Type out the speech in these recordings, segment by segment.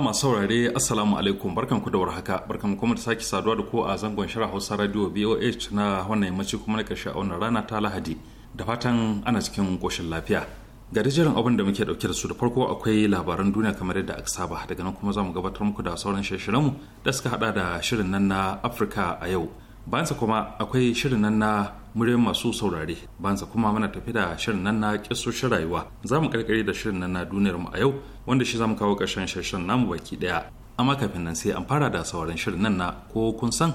masu saurare assalamu alaikum barkan ku da warhaka barkan kuma da sake saduwa da ku a zangon shirin hausa radio boh na wannan yammaci kuma na karshe a wannan rana ta lahadi da fatan ana cikin koshin lafiya ga jiran abin da muke dauke da su da farko akwai labaran duniya kamar yadda aka saba daga nan kuma za mu gabatar muku da sauran shirye-shiryenmu da suka hada da shirin nan na afirka a yau bansa kuma akwai shirin nan na muryoyin masu saurare bansa kuma muna tafi da shirin nan na kisoshin rayuwa za mu karkare da shirin nan na duniyar mu a yau wanda shi za mu kawo ƙarshen shirin namu baki ɗaya amma kafin nan sai an fara da sauran shirin nan na ko kun san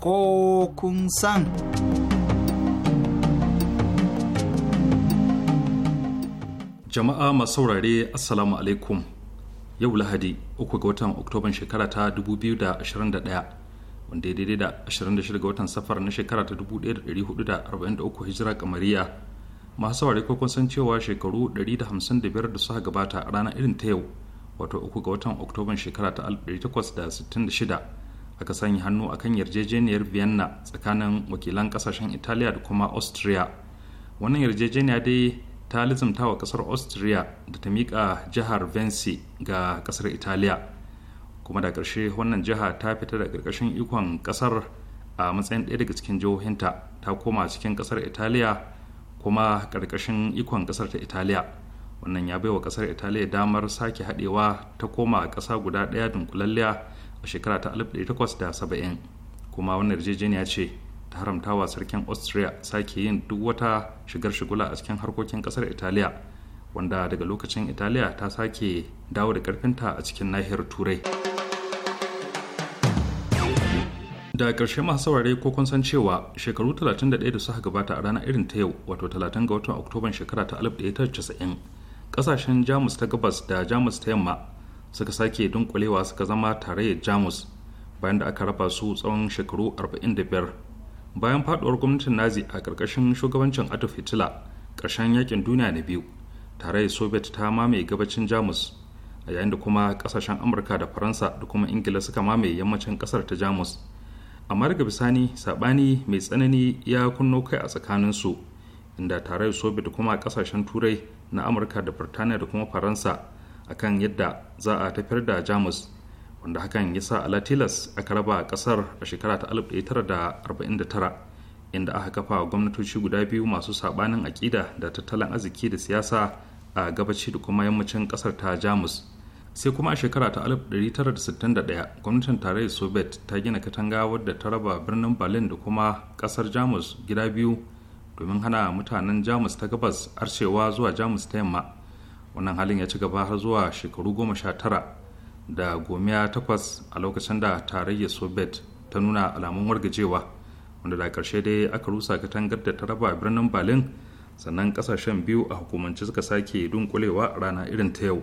ko kun san jama'a masu saurare assalamu alaikum yau lahadi 3 ga watan oktoban shekara ta 2021 wanda ya daidai da 26 ga watan safar na shekara ta 1443 hijira kamariya masu saurari ko kun san cewa shekaru 155 da suka gabata a ranar irin ta yau wato 3 ga watan oktoban shekara ta 1866 aka sanya hannu akan yarjejeniyar vienna tsakanin wakilan kasashen italiya da kuma austria wannan yarjejeniya dai ta lizimta wa kasar austria da ta miƙa jihar vensi ga kasar italiya kuma da ƙarshe wannan jiha ta fita da ƙarƙashin ikon kasar a matsayin ɗaya daga cikin jihohinta ta koma cikin kasar italiya kuma ƙarƙashin ikon kasar ta italiya wannan ya baiwa kasar italiya damar sake haɗewa ta koma ƙasa guda ɗaya dunkulalliya a shekara ta 1870 kuma wannan yarjejeniya ce ta haramtawa sarkin austria sake yin duk wata shigar shigula a cikin harkokin kasar italiya wanda daga lokacin italiya ta sake dawo da karfinta a cikin nahiyar turai da ƙarshe masu saurare ko kun san cewa shekaru 31 da suka gabata a ranar irin ta yau wato 30 ga watan oktoban shekara ta 1990 kasashen jamus ta gabas da jamus ta yamma suka sake dunkulewa suka zama tarayyar jamus bayan da aka raba su tsawon shekaru 45 bayan faduwar gwamnatin nazi a ƙarƙashin shugabancin adolf hitler ƙarshen yakin duniya na biyu tare da soviet ta mamaye gabacin jamus a yayin da kuma ƙasashen amurka da faransa da kuma ingila suka mamaye yammacin ƙasar ta jamus amma daga bisani saɓani mai tsanani ya kunno kai a tsakaninsu inda tare da soviet kuma ƙasashen turai na amurka da birtaniya da kuma faransa akan yadda za a tafiyar da jamus wanda hakan ya sa alatilas aka raba kasar a shekara ta 1949 inda aka kafa gwamnatoci guda biyu masu sabanin aƙida da tattalin arziki da siyasa a gabaci da kuma yammacin kasar ta jamus sai kuma a shekara ta 1961 gwamnatin tarayyar soviet ta gina katanga wadda ta raba birnin berlin da kuma kasar jamus gida biyu domin hana mutanen jamus ta gabas arcewa zuwa jamus ta yamma wannan halin ya ci gaba har zuwa shekaru goma sha tara da gomiya takwas a lokacin da tarayyar soviet ta nuna alamun wargajewa wanda da karshe dai aka rusa katangar da ta raba birnin berlin sannan kasashen biyu a hukumance suka sake dunkulewa rana irin ta yau.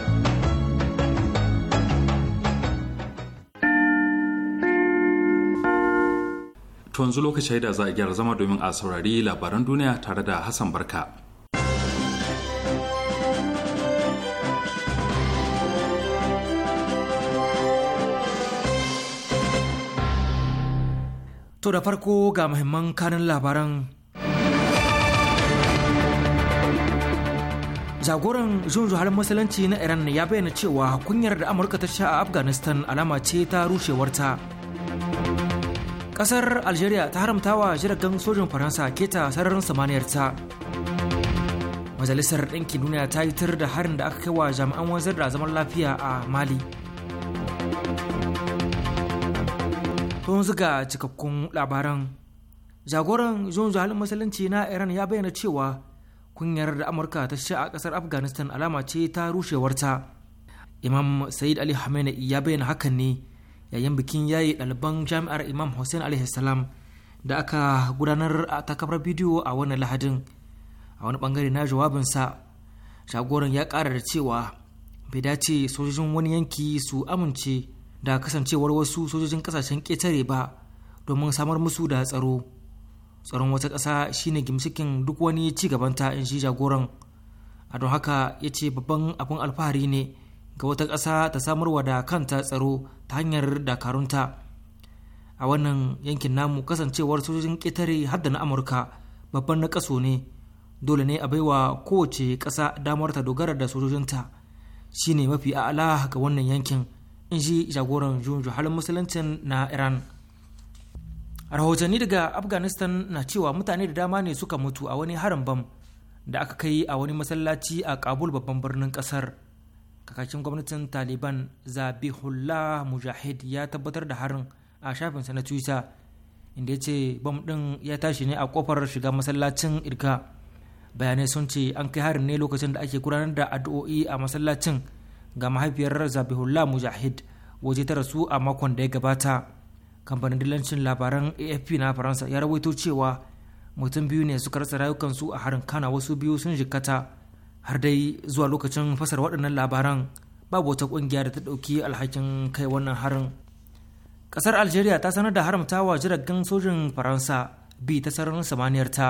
To yanzu lokaci da za a gyara zama domin a saurari labaran duniya tare da Hassan Barka. To da farko ga muhimman kanin labaran. Jagoran jun juharin musulunci na Iran ya bayyana cewa kunyar da Amurka ta sha a Afghanistan alama ce ta rushewarta. kasar algeria ta haramta wa jiragen sojin faransa keta sararin samaniyar ta majalisar ɗinkin duniya ta yi da harin da aka kai wa jami'an wanzar da zaman lafiya a mali tun zuga cikakkun labaran jagoran john halin musulunci na iran ya bayyana cewa kunyar da amurka ta sha a kasar afghanistan alama ce ta rushewarta imam said ali hamenei ya bayyana hakan ne yayin bikin yayi ɗaliban jami'ar imam hussein alaihi da aka gudanar a takamar bidiyo a wani lahadin a wani bangare na jawabinsa jagoran ya ƙara da cewa bai dace sojojin wani yanki su amince da kasancewar wasu sojojin kasashen ƙetare ba domin samar musu da tsaro tsaron wata ƙasa shine gimsikin duk wani ci gabanta in shi jagoran a don haka ya ce babban abin alfahari ne ga wata ƙasa ta samarwa da kanta tsaro ta hanyar dakarunta a wannan yankin namu kasancewar sojojin ƙetare hadda na amurka babban na ne dole ne a baiwa kowace ƙasa damar ta dogara da sojojinta shine mafi a'ala ga wannan yankin in ji jagoran junju halin musuluncin na iran rahotanni daga afghanistan na cewa mutane da dama ne suka mutu a wani harin bam da aka kai a wani masallaci a kabul babban birnin kasar kakakin gwamnatin taliban zabihullah mujahid ya tabbatar da harin a shafinsa na twitter inda ya ce bam ɗin ya tashi ne a kofar shiga masallacin irka bayanai sun ce an kai harin ne lokacin da ake gudanar da addu'o'i a masallacin ga mahaifiyar zabihullah mujahid waje ta rasu a makon da ya gabata kamfanin dillancin labaran afp na faransa ya rawaito cewa mutum biyu ne suka rasa rayukansu a harin kana wasu biyu sun jikkata har dai zuwa lokacin fasar waɗannan labaran babu wata ƙungiya da ta ɗauki alhakin kai wannan harin ƙasar algeria ta sanar da haramtawa jiragen sojin faransa bi ta sararin samaniyar ta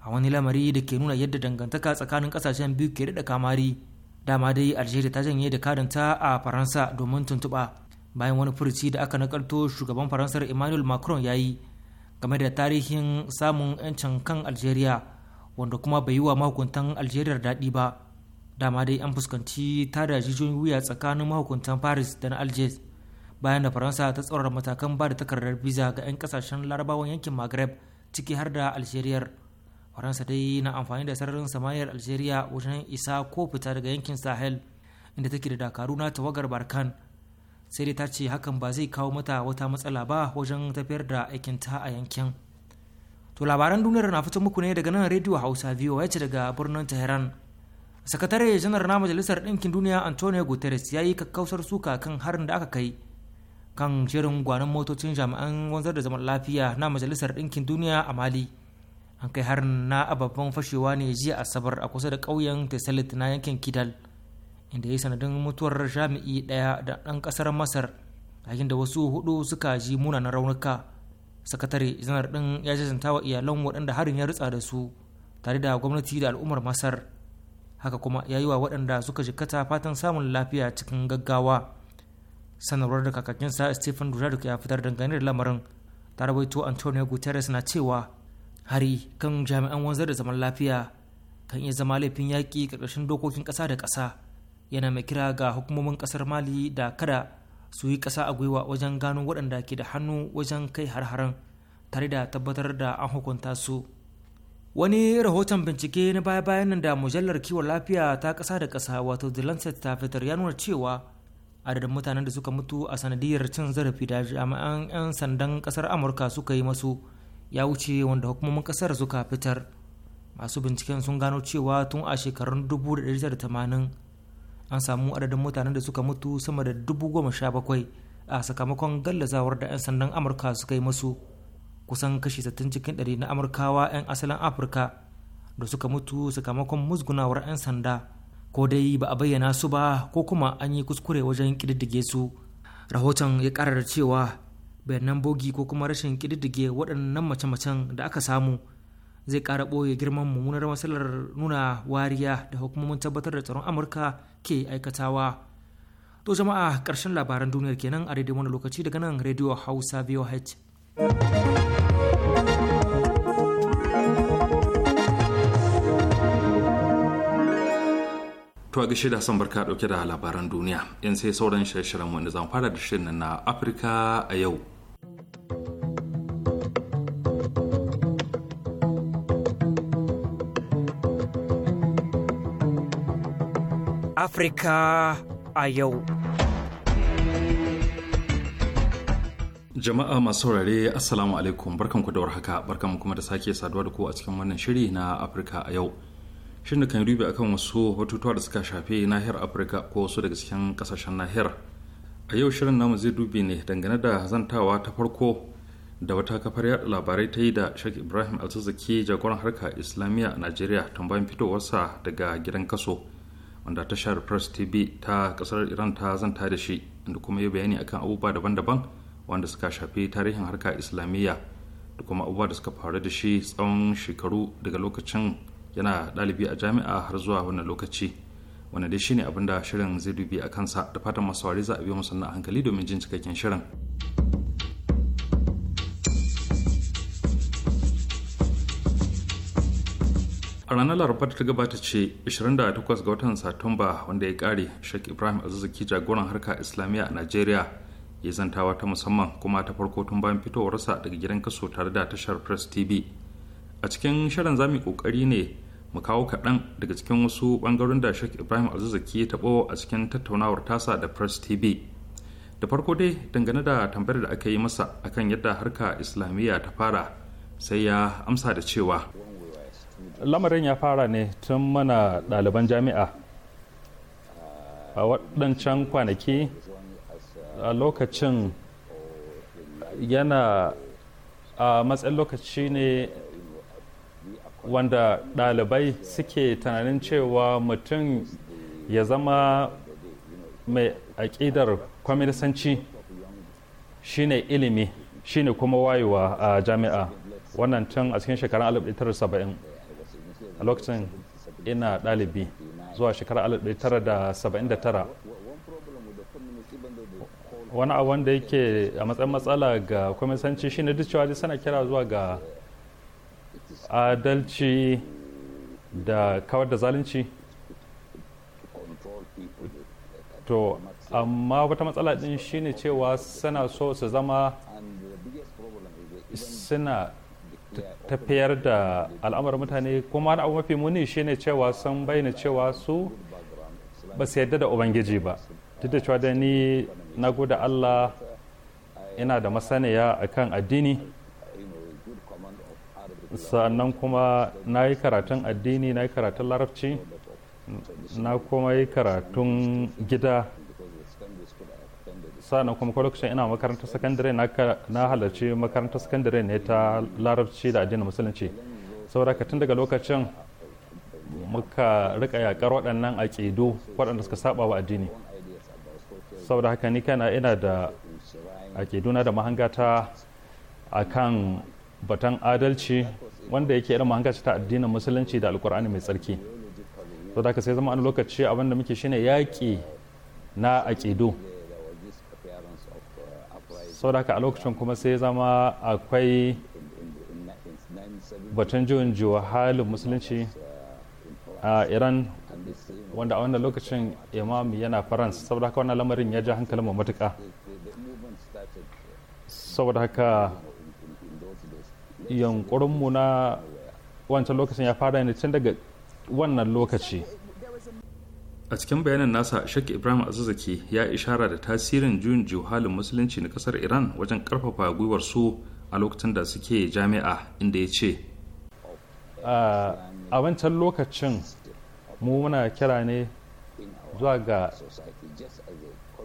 a wani lamari da ke nuna yadda dangantaka tsakanin ƙasashen biyu ke daɗa kamari dama dai algeria ta janye da kadanta a faransa domin tuntuɓa bayan wani furuci da aka nakalto shugaban faransar emmanuel macron ya yi game da tarihin samun 'yancin kan algeria wanda kuma bai yi wa mahukuntan algeria daɗi ba dama dai an fuskanci tada jijiyoyin wuya tsakanin mahukuntan paris da na algiers bayan da faransa ta tsaurara matakan ba da takardar visa ga 'yan kasashen larabawan yankin maghreb ciki har da algeria faransa dai na amfani da sararin samaniyar algeria wajen isa ko fita daga yankin sahel inda take da dakaru na tawagar barkan sai dai ta ce hakan ba zai kawo mata wata matsala ba wajen tafiyar da aikinta a yankin To labaran duniyar na fito muku ne daga nan rediyo Hausa ya VOH daga birnin Tehran. Sakatare janar na Majalisar Ɗinkin Duniya Antonio Guterres ya yi kakkausar suka kan harin da aka kai kan shirin gwanon motocin jami'an wanzar da zaman lafiya na Majalisar Ɗinkin Duniya a Mali. An kai harin na ababen fashewa ne jiya Asabar a kusa da ƙauyen Tesalit na yankin Kidal, inda ya yi sanadin mutuwar jami'i ɗaya da ɗan ƙasar Masar, yayin da wasu hudu suka ji munanan raunuka. sakatare janar din ya jajanta wa iyalan waɗanda harin ya rutsa da su tare da gwamnati da al'ummar masar haka kuma ya yi wa waɗanda suka jikkata fatan samun lafiya cikin gaggawa sanarwar da sa stephen dujarric ya fitar dangane da lamarin tarawaito antonio guterres na cewa hari kan jami'an wanzar da zaman lafiya kan iya zama laifin yaƙi ƙarƙashin dokokin ƙasa da ƙasa yana mai kira ga hukumomin ƙasar mali da kada su yi ƙasa a gwiwa wajen gano waɗanda ke da hannu wajen kai har-haren tare da tabbatar da an hukunta su wani rahoton bincike na baya-bayan nan da mujallar kiwon lafiya ta ƙasa da kasa wato the lancet ta fitar ya nuna cewa adadin mutanen da suka mutu a sanadiyar cin zarafi da jami'an 'yan sandan ƙasar amurka suka yi masu ya wuce wanda hukumomin kasar suka fitar masu binciken sun gano cewa tun a shekarun 1980 an samu adadin mutanen da suka mutu sama da dubu goma sha bakwai a sakamakon gallazawar da 'yan sandan amurka suka yi masu kusan kashi 60 cikin ɗari na amurkawa 'yan asalin afirka da suka mutu sakamakon musgunawar 'yan sanda ko dai ba a bayyana su ba ko kuma an yi kuskure wajen ƙididdige su rahoton ya ƙara da cewa bayanan bogi ko kuma rashin ƙididdige waɗannan mace-macen da aka samu zai kara ɓoye girman mummunar matsalar nuna wariya da hukumomin tabbatar da tsaron amurka ke aikatawa to jama'a ƙarshen labaran duniyar kenan a daidai wani lokaci daga nan rediyo hausa voh To ga da son barka dauke da labaran duniya, yan sai sauran shirye-shiryen wanda zan fara da shirin na Afirka a yau. Afirka a yau. Jama'a masu saurare Assalamu alaikum barkanku da warhaka barkan kuma da sake saduwa da ku a cikin wannan shiri na Afirka a yau. Shin da kan rubi akan wasu batutuwa da suka shafi nahiyar Afirka ko wasu daga cikin kasashen nahiyar. A yau shirin namu zai dubi ne dangane da zantawa ta farko da wata kafar yaɗa labarai ta yi da Sheikh Ibrahim Alzazaki jagoran harka Islamiyya a Najeriya tambayin fitowarsa daga gidan kaso. wanda tashar press tv ta kasar iran ta zanta da shi da kuma yi bayani akan abubuwa daban-daban wanda suka shafi tarihin harka islamiyya da kuma abubuwa da suka faru da shi tsawon shekaru daga lokacin yana ɗalibi a jami'a har zuwa wannan lokaci wanda dai shine abinda shirin zai dubi a kansa da fatan masu za a biyo musanna a hankali domin jin cikakken shirin. a ranar laraba ta gabata ce 28 ga watan satumba wanda ya kare sheikh ibrahim azuzuki jagoran harka islamiyya a nigeria ya zantawa ta musamman kuma ta farko tun bayan fitowarsa daga gidan kaso tare da tashar press tv a cikin shirin zami kokari ne mu kawo kaɗan daga cikin wasu ɓangaren da sheikh ibrahim azuzuki ya taɓo a cikin tattaunawar tasa da press tv da farko dai dangane da tambayar da aka yi masa akan yadda harka islamiyya ta fara sai ya amsa da cewa lamarin ya fara ne tun mana ɗaliban jami'a a waɗancan kwanaki a lokacin yana a matsayin lokaci ne wanda ɗalibai suke tunanin cewa mutum ya zama mai aƙidar kwaminisanci shine ilimi shi ne kuma wayewa a jami'a wannan tun a cikin shekarun 1970 a lokacin ina ɗalibi zuwa shekarar 1979 wani abu wanda yake a matsayin matsala ga kwamisanci shine duk cewa sana kira zuwa ga adalci da kawar da zalunci to amma wata matsala din shine cewa suna so su zama suna tafiyar da al'amar mutane kuma abu mafi muni shine cewa sun bayyana cewa su ba su yarda da ubangiji ba duk da cewa da ni na gode allah ina da masaniya akan addini sannan kuma na yi karatun addini na yi karatun larabci na kuma yi karatun gida sa'an kuma ko lokacin ina makarantar sakandare na halarci makarantar sakandare ne ta larabci da addinin musulunci saboda ka tun daga lokacin muka rika yakar waɗannan aƙidu waɗanda suka saba wa addini saboda haka ni kana ina da aƙiduna da mahangata a kan batan adalci wanda yake irin mahangata ta addinin musulunci da alkur'ani mai tsarki saboda haka sai zama an lokaci abinda muke shine yaƙi na aƙidu saboda haka a lokacin kuma sai zama akwai batun juyin juwa halin musulunci a iran wanda a wannan lokacin imam yana faransa saboda haka wannan lamarin ya ja hankalin mu matuka saboda haka yankurinmu na wancan lokacin ya fara ne tun daga wannan lokaci a cikin bayanan nasa shakki ibrahim azizaki ya ishara da tasirin juyin juhalin musulunci na kasar iran wajen karfafa gwiwar su a lokacin da suke jami'a inda ya ce a wancan lokacin mu muna kira ne zuwa ga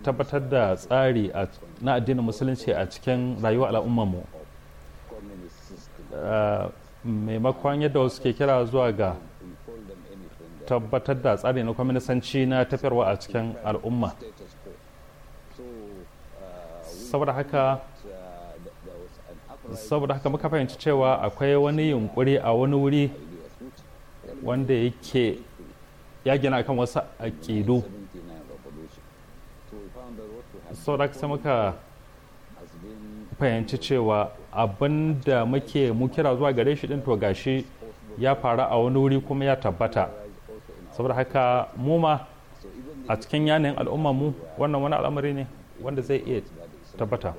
tabbatar da tsari na addinin musulunci a cikin rayuwar mu maimakon yadda wasu ke kira zuwa ga tabbatar da tsari na kwaminisanci na tafiyarwa a cikin al'umma saboda haka saboda haka muka fahimci cewa akwai wani yunkuri a wani wuri wanda yake ya gina akan wasu aƙidu saboda haka sai muka fahimci cewa abin da muke mu kira zuwa gare shi din to gashi ya faru a wani wuri kuma ya tabbata saboda haka mu ma a cikin yanayin al'umma mu wannan wani al'amari ne wanda zai iya tabbata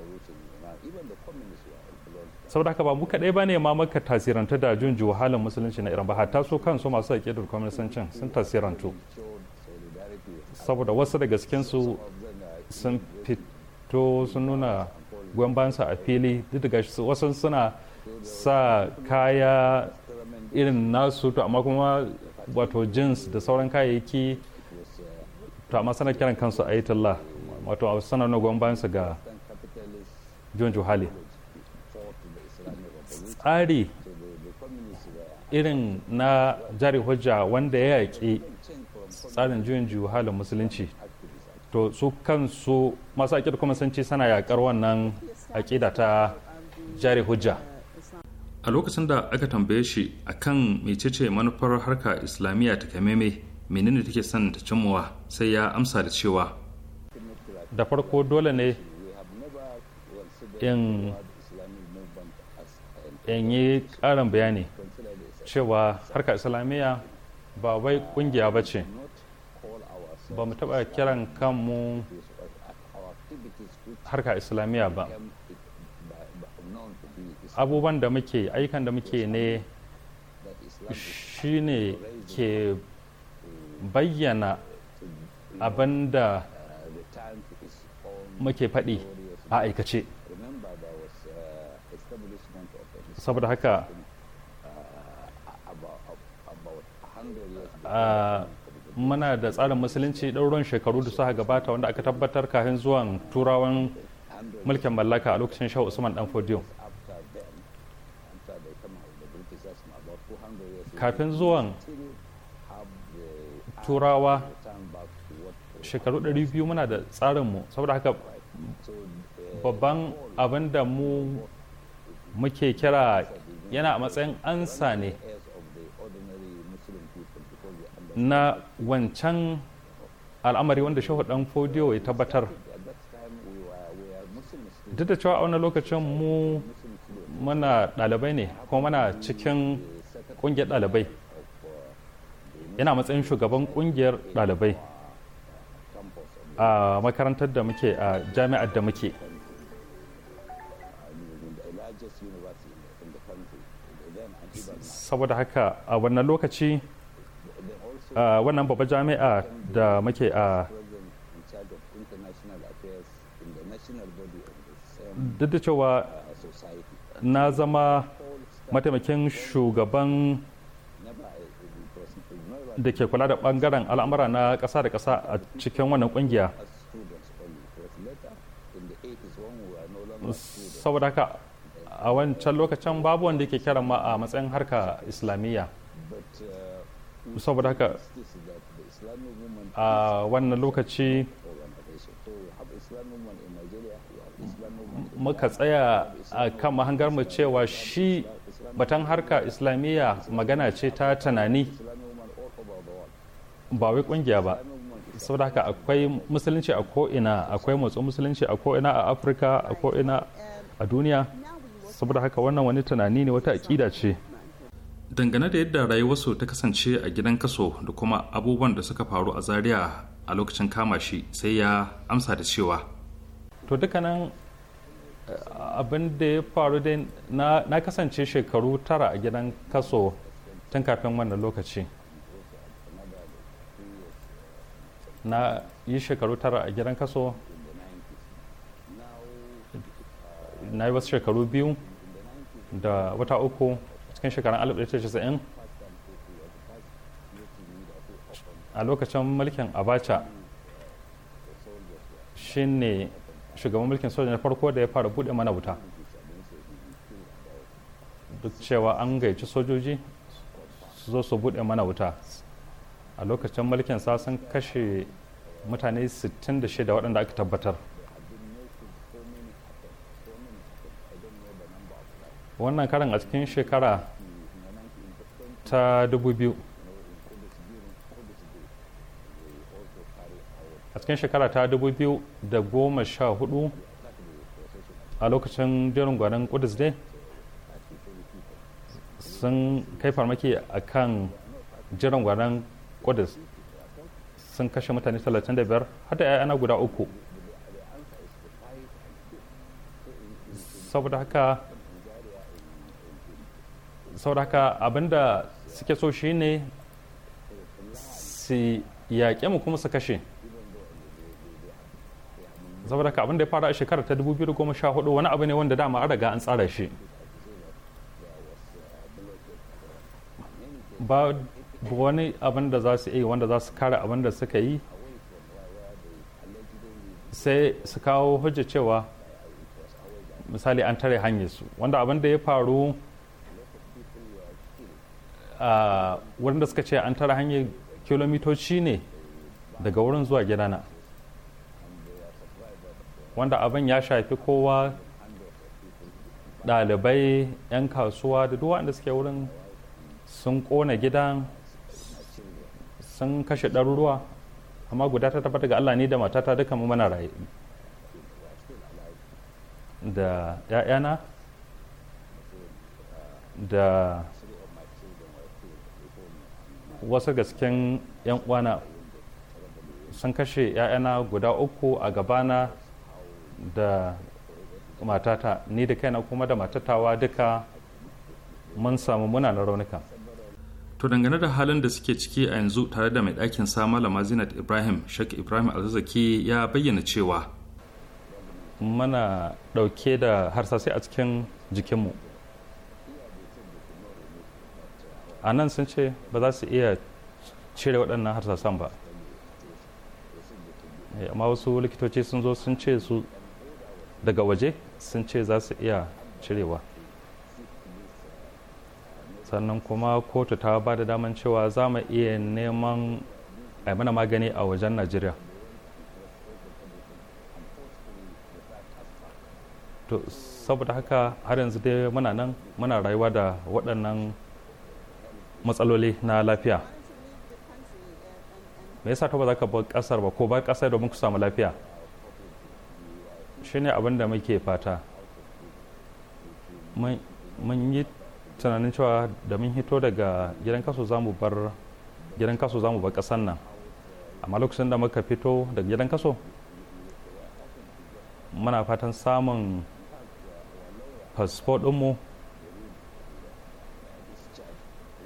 saboda haka ba mu kaɗai ba ne ma maka tasiranta da junju halin musulunci na iran ba hatta su kansu masu da kwamnisancin sun tasirantu saboda wasu daga cikinsu sun fito sun nuna gwambansa a fili duk da gashi wasu suna sa kaya irin nasu to amma kuma wato jeans da sauran kayayyaki to amma sanar kiran kansu ayatollah wato a sanar na gwan ga john juhali tsari irin na jari hujja wanda ya yaƙi tsarin juyin juyu halin musulunci to su kansu masu da kuma sun sana yaƙar wannan aƙida ta jari hujja a lokacin da aka tambaye shi akan mecece manufar harka islamiyya ta kameme menene take son ta cimmawa sai ya amsa da cewa da farko dole ne in yi karin bayani cewa harka islamiyya ba wai kungiya ba ce ba mu taɓa kiran kanmu harka islamiyya ba abubuwan da muke aikan da muke ne shine ke bayyana abin da muke faɗi a aikace saboda haka muna da tsarin musulunci ɗaurin shekaru da suka gabata wanda aka tabbatar kafin zuwan turawan mulkin mallaka a lokacin shah usman dan fodiyo kafin zuwan turawa shekaru 200 muna da tsarinmu saboda haka babban abin da mu muke kira yana a matsayin ansa ne na wancan al'amari wanda shahudan fodiyo ya tabbatar duk da cewa a wani lokacin mu muna ɗalibai ne kuma muna cikin ƙungiyar ɗalibai yana matsayin shugaban ƙungiyar ɗalibai a makarantar da muke a jami'ar da muke saboda haka a wannan lokaci wannan babbar jami'a da muke a duk da cewa na zama mataimakin shugaban da ke kula da bangaren al'amura na kasa da kasa a cikin wannan kungiya saboda haka a wancan lokacin babu wanda ke kira ma a matsayin harka islamiyya saboda haka a wannan lokaci muka tsaya a kan mahangar mu cewa shi batan harka islamiyya magana ce ta tunani ba wai kungiya ba saboda haka akwai musulunci a ko'ina akwai motsin musulunci a ko'ina a afirka a ko'ina a duniya saboda haka wannan wani tunani ne wata aƙida ce dangane da yadda rayuwarsu ta kasance a gidan kaso da kuma abubuwan da suka faru a zaria a lokacin kama shi sai ya amsa da cewa to dukkanin abin da ya faru dai na kasance shekaru tara a gidan kaso tun kafin wannan lokaci na yi shekaru tara a gidan kaso na yi wasu shekaru biyu da wata uku cikin shekarun 1990 a lokacin mulkin abacha shine shugaban mulkin soja na farko da ya fara bude mana wuta duk cewa an gaici sojoji su zo su bude mana wuta a lokacin mulkin sa sun kashe mutane 66 waɗanda aka tabbatar wannan karin a cikin shekara ta 2000 a cikin shekara ta 2014 a lokacin jerin gwanin kudus dai sun kai farmaki a kan jiran gwanin kudus sun kashe mutane 35 hada 'ya'yana guda uku saboda haka saboda haka abinda suke so shine su yaƙe mu kuma su kashe saboda ka abin da ya fara a shekarar ta 2014 wani abu ne wanda dama an riga an tsara shi ba wani abin da za su yi wanda za su kare abin da suka yi sai su kawo hujja cewa misali an tare hanyar su wanda abin da ya faru a wurin da suka ce an tare hanyar kilomitoci ne daga wurin zuwa gidana wanda abin ya shafi kowa ɗalibai 'yan kasuwa da duk wanda suke wurin sun ƙona gidan sun kashe ɗaruruwa amma guda ta tabbata ga allah ne da matata duka mu mana raye da 'ya'yana da wasu gasken 'yan uwana sun kashe 'ya'yana guda uku a gabana da matata ni da kaina kuma da matatawa duka mun samu muna na raunuka to dangane da halin da suke ciki a yanzu tare da mai ɗakin sama malama ibrahim shak ibrahim alzazaki ya bayyana cewa mana ɗauke da harsasai a cikin jikinmu a nan sun ce ba za su iya cire waɗannan harsasan ba eh, amma wasu likitoci sun zo sun ce su daga waje sun ce za su iya cirewa sannan kuma kotu ta ba da daman cewa za mu iya neman a mana magani a wajen najeriya to saboda haka har yanzu dai muna nan muna rayuwa da waɗannan matsaloli na lafiya me yasa ta ba za ka bar ƙasar ba ko ba ƙasar domin ku samu lafiya ne abin da muke fata mun yi tunanin cewa da mun hito daga gidan kaso za mu bar gidan kaso za mu bar kasan nan amma lokacin da muka fito daga gidan kaso muna fatan samun fasfo ɗinmu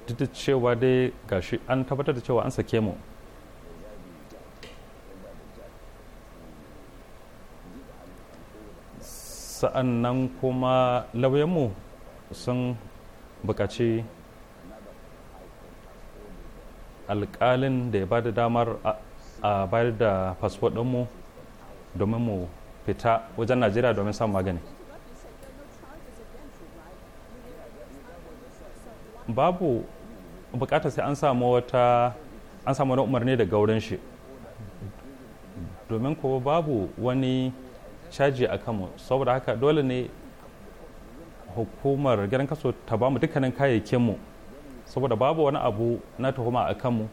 duk da cewa dai gashi an tabbatar da cewa an sake mu sa'annan kuma lauyanmu sun bukaci alkalin da ya ba da damar a bayar da fasfo ɗinmu domin mu fita wajen najeriya domin samun magani babu bukatar sai an samu wata an samu wani umarni daga wurin shi domin kuwa babu wani caji a kanmu saboda haka dole ne hukumar gidan kaso ta ba mu dukkanin kayayyakinmu saboda babu wani abu na tuhuma a kanmu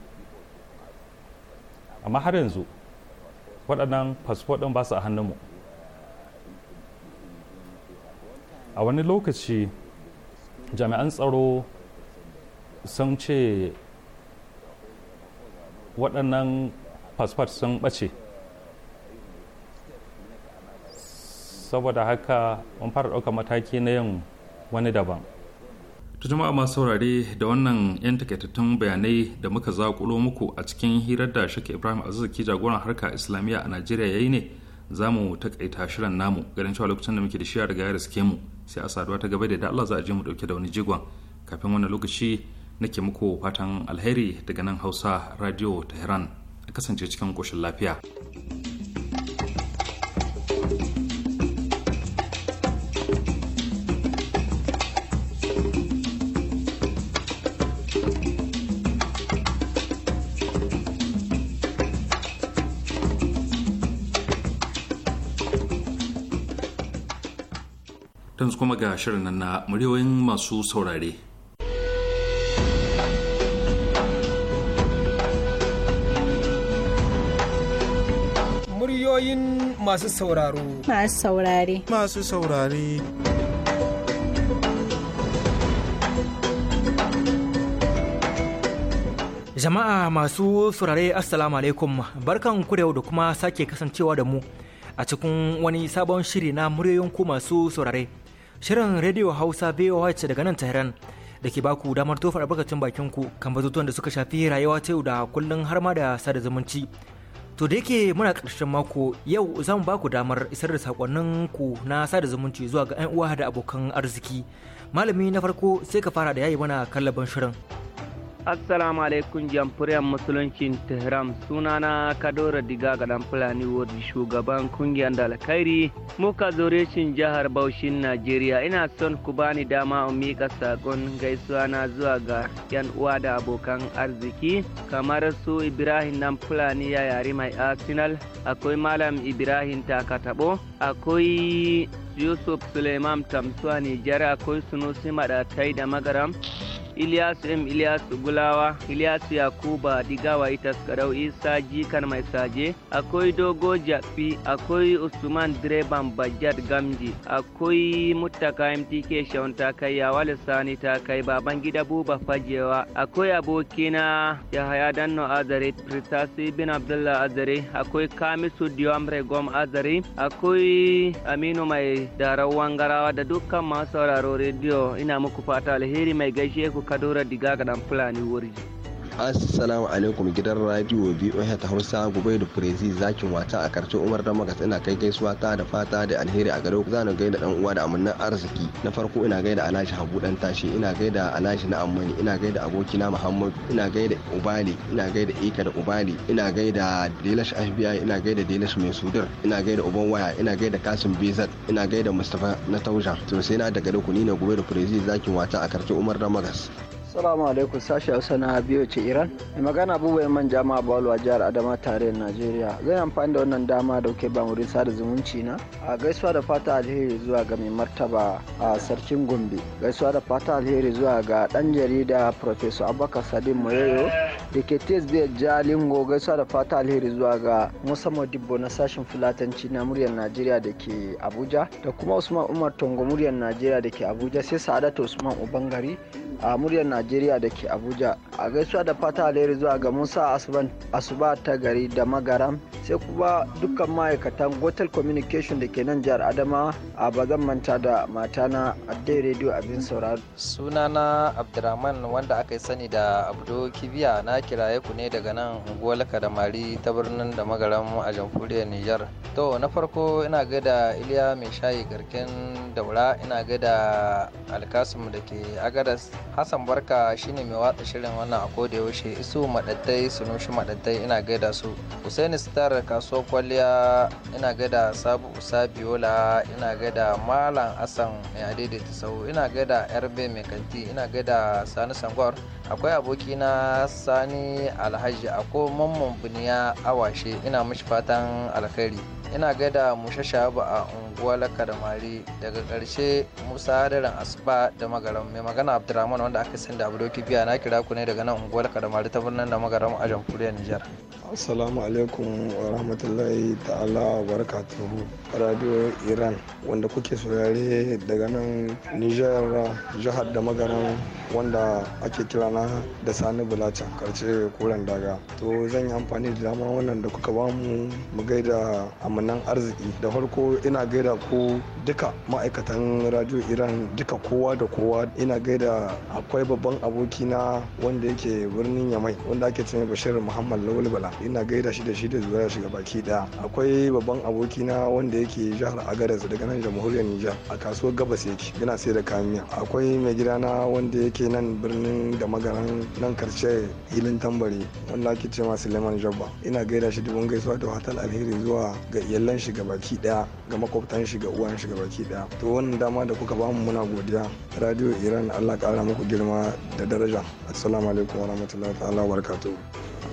amma har yanzu waɗannan fasfo ɗin ba su a hannunmu a wani lokaci jami'an tsaro sun ce waɗannan fasfot sun ɓace saboda haka mun fara ɗaukar mataki na yin wani daban ta jama'a masu saurare da wannan 'yan takaitattun bayanai da muka zaƙulo muku a cikin hirar da shaka ibrahim ke jagoran harka islamiyya a najeriya yayi ne za mu takaita shirin namu ganin cewa lokacin da muke da shi a riga ya mu sai a saduwa ta gaba da da Allah za a je mu dauke da wani jigon kafin wannan lokaci nake muku fatan alheri daga nan Hausa Radio Tehran a kasance cikin koshin lafiya. yanzu kuma ga shirin nan na muryoyin masu saurare muryoyin masu sauraro masu saurare masu saurare Jama'a masu surare Assalamu alaikum barkan ku da yau da kuma sake kasancewa da mu a cikin wani sabon shiri na muryoyin ku masu surare. Shirin Radio Hausa VOH daga nan Tehran da ke baku damar tofa albarkacin bakin ku kan batutuwan da suka shafi rayuwa ta yau da kullun har ma da sada zumunci. To da yake muna karshen mako yau za mu baku damar isar da sakonnin ku na sada zumunci zuwa ga 'yan uwa da abokan arziki. Malami na farko sai ka fara da yayi mana kallaban shirin. assalamu alaikum jamfuriyar musuluncin tehran sunana kadora diga ga dan fulani wadda shugaban kungiyar da alkhairi muka zore shin jihar baushin najeriya ina son ku bani dama in mika saƙon gaisuwa na zuwa ga yan uwa da abokan arziki kamar su ibrahim dan fulani ya yari mai arsenal akwai malam ibrahim takatabo akwai yusuf suleiman tamsuwa nijar akwai sunusi maɗatai da magaram Ilyasu M Ilyasu Gulawa, Ilyasu Yakuba Digawa Itas Karau Isa Jikan Mai Saje, akwai Dogo Jafi, akwai Usman Direban Bajad Gamji, akwai Muttaka MTK Shaun Takayya Wale Sani Takai Baban Gida Buba Fajewa, akwai abokina Yahaya Danno Azare, Pritasi Bin Abdullah Azare, akwai Kamisu Diwamre Gom Azari akwai Aminu Mai Darawan Garawa da dukkan masu sauraro rediyo ina muku fata alheri mai gaishe ku kadora diga ga dan fulani wuri. assalamu alaikum gidan radio boh ta hausa gobe da furezi zakin wata a karshen umar dan magas ina kai gaisuwa ta da fata da alheri a gare ku zanu gaida dan uwa da amannan arziki na farko ina gaida alashi habu dan tashi ina gaida alashi na ammani ina gaida abokina muhammad ina gaida ubali ina gaida ika da ubali ina gaida delash fbi ina gaida delash mai sudar ina gaida uban waya ina gaida kasim bezat ina gaida mustapha na tausha to sai na daga da ku ni ne gobe da furezi zakin wata a karshen umar dan magas Assalamu alaikum sashi Hausa na biyo ce Iran. Mai magana abubuwan man jama'a Balu a jihar Adama tare Najeriya. Zan amfani da wannan dama da kuke ba wurin sada zumunci na. A gaisuwa da fata alheri zuwa ga mai martaba a sarkin Gombe. Gaisuwa da fata alheri zuwa ga dan jarida Professor Abubakar Sadim Moyoyo da ke Jalingo gaisuwa da fata alheri zuwa ga Musa Modibo na sashen Fulatanci na muryar Najeriya da ke Abuja da kuma Usman Umar Tongo muryar Najeriya da ke Abuja sai Sa'adatu Usman Ubangari a muryar Najeriya Najeriya da ke Abuja. A gaisuwa da fata alheri zuwa ga Musa Asuban Asuba ta gari da Magaram sai kuma dukkan ma'aikatan Gotel Communication da ke nan jihar Adama a bazan manta da matana Adai Radio abin sauraro. Sunana Abdurrahman wanda aka yi sani da Abdo Kibiya na kiraye ku ne daga nan unguwar mari ta birnin da Magaram a jamhuriyar Nijar. To na farko ina gaida Iliya mai shayi garken daura ina gaida Alkasum da ke Agadas Hassan Barka haka shine mai watsa shirin wannan a koda yaushe isu madaddai sunushi madaddai ina gaida su Hussein Star kasuwar kwalliya ina gaida Sabu Usa Biola ina gaida Malam Asan mai adaidaita sau ina gaida Yarbe mai kanti ina gaida Sani Sangwar akwai abokina Sani Alhaji akwai Mamman Buniya Awashe ina mishi fatan alkhairi ina gaida musha shabu a unguwa laka mari daga karshe musa hadarin asuba da magaram mai magana abdurrahman wanda aka sanda abu doki biya na kira ku ne daga nan unguwa laka mari ta birnin da magaram a jamhuriyar nijar assalamu alaikum wa rahmatullahi ta'ala wa barakatuhu radio iran wanda kuke saurare daga nan nijar jihar da magaran wanda ake kira da sani bulaca karce koren daga to zan yi amfani da dama wannan da kuka bamu mu gaida amanan arziki da farko ina gaida ku duka ma'aikatan radio iran duka kowa da kowa ina gaida akwai babban abokina wanda yake birnin yamai wanda ake cewa bashir muhammad lawal bala ina gaida shi da shi da zuwa shiga baki daya akwai babban abokina wanda yake jihar agadas daga nan jamhuriyar nijar a kasuwar gabas yake yana sai da kayan miya akwai mai gidana wanda yake nan birnin da magaran nan karshe hilin tambari wanda ake cewa suleiman jabba ina gaida shi dubin gaisuwa da hatal alheri zuwa ga iyalan shiga baki daya ga makwabtan shi ga uwan shiga baki daya to wannan dama da kuka bamu muna godiya radio iran allah kara muku girma da daraja assalamu alaikum warahmatullahi ta'ala wabarakatuh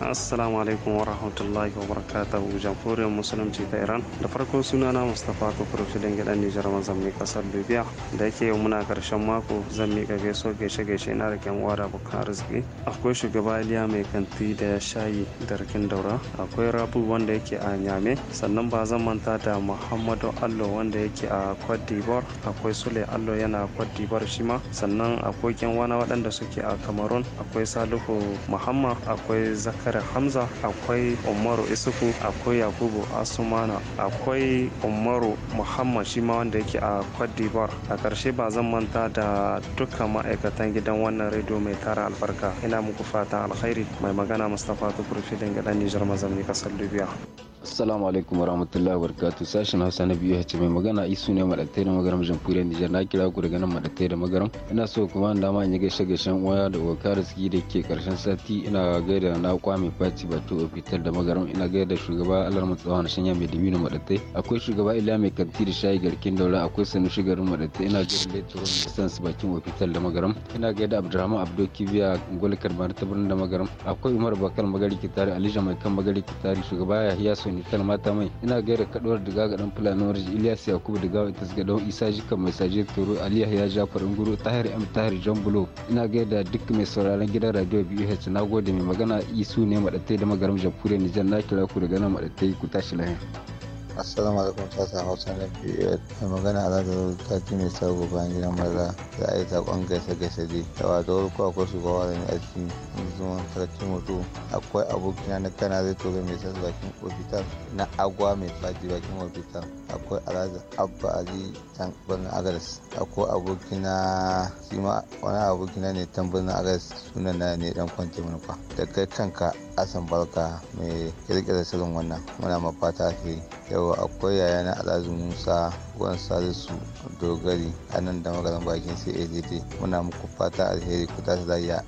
assalamu alaikum warahmatullahi wabarakatuhu wa jamhuriyar musulunci ta iran da farko sunana mustapha kufur filin gidan nijar mazan mai kasar libya da yake yau muna karshen mako zan miƙa gaiso gaishe gaishe na da kyan da bukka arziki akwai shugaba iliya mai kanti da shayi da rikin daura akwai rabu wanda yake a nyame sannan ba zan manta da muhammadu allo wanda yake a cote akwai sule allo yana cote d'ivoire shi ma sannan akwai kyan waɗanda suke a cameroon akwai salihu muhammad akwai zaka zakara hamza akwai umaru isuku akwai yakubu asumana akwai umaru muhammad shi ma wanda yake a kwadibar a karshe ba zan manta da dukkan ma'aikatan gidan wannan rediyo mai tara albarka ina muku fatan alkhairi mai magana mustapha tukur filin gidan nijar mazamni ƙasar libya Assalamu alaikum wa barakatuh sashen Hausa na biyu hace mai magana isu ne madatai da magaram jamhuriyar Nijar na kira ku daga nan madatai da magaram ina so kuma dama in yi gaishe gaishen uwa da uwaka da suke da ke karshen sati ina gaida na kwame faci to ofitar da magaram ina gaida shugaba alar matsawa tsawon shanya mai dimino madatai akwai shugaba ila mai kanti da shayi garkin daura akwai sanu shugarin madatai ina gaida laitoro da sans bakin ofitar da magaram ina gaida Abdulrahman Abdul kibiya gwal karbar ta da magaram akwai umar bakar magari kitari alija mai kan magari kitari shugaba yahiya nitar mata mai ina gaira kaduwar diga ga dan fulani warji ilyas yakubu diga ita suka isa jika mai saje toro aliya ya jafar nguru tahir m tahir john bulo ina gaida duk mai sauraron gidan radio bh na gode mai magana isu ne madatai da magaram jamhuriyar nijar na kira ku daga nan madatai ku tashi lahiya assalamu alaikum sasa hausa na pf mai magana a zaga ta ci mai sabo bayan gidan maza za a yi zaƙon gaisa gaisa dai da wato ko akwai shugaba da ni a cikin zuwan hoto akwai abokina na kana zai tobe mai sassa bakin ofital na agwa mai faji bakin ofital akwai alhaji abba ali can birnin agadas akwai abokina shi ma wani abokina ne can birnin agadas sunan na ne dan kwanci manufa da kai kanka asan barka mai kirkira sirrin wannan muna mafata alheri yau akwai yaya na alhaji musa gwan salisu dogari a nan da magaran bakin cadd muna muku fata alheri ku tashi zariya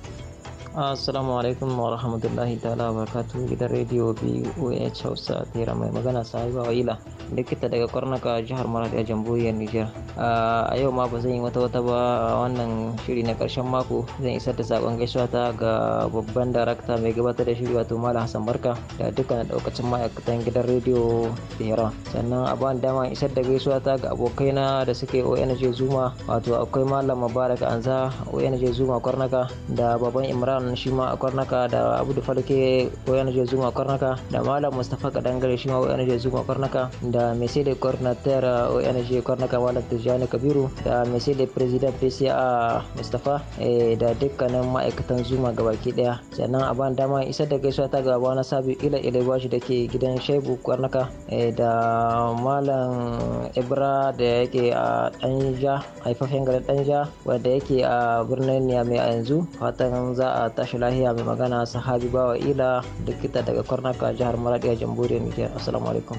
Assalamu alaikum wa rahmatullahi ta'ala wa barakatuhu gidan rediyo BOH Hausa tera mai magana sahiba waila likita daga kwarnaka jihar maradi a jamhuriyar niger a yau ma ba zan yi wata wata ba a wannan shiri na karshen mako zan isar da sakon gaisuwa ta ga babban darakta mai gabatar da shiri wato malam hassan barka da dukkan daukacin ma'aikatan gidan rediyo tehran sannan a ban dama isar da gaisuwa ta ga abokaina da suke ong zuma wato akwai malam mubarak anza ong zuma kwarnaka da baban imran shi ma a kwarnaka da abudu falke ong zuma kwarnaka da malam mustapha kadangare shi ma ong zuma kwarnaka da mai sai ONG Kwarna Kamala Tijjani Kabiru da mai president PCA Mustapha eh, da dukkanin ma'aikatan Zuma ga baki daya. Sannan a ban dama isa da gaisuwa ta gaba na sabi ila ila bashi da ke gidan Shaibu Kwarnaka eh, da Malam Ibra da yake a Danja haifafen garin Danja wanda yake a birnin Niamey a yanzu fatan za a tashi lahiya mai magana sahabi bawa ila likita daga Kwarnaka jihar Maradiya jamhuriyar Nijar. Assalamu alaikum.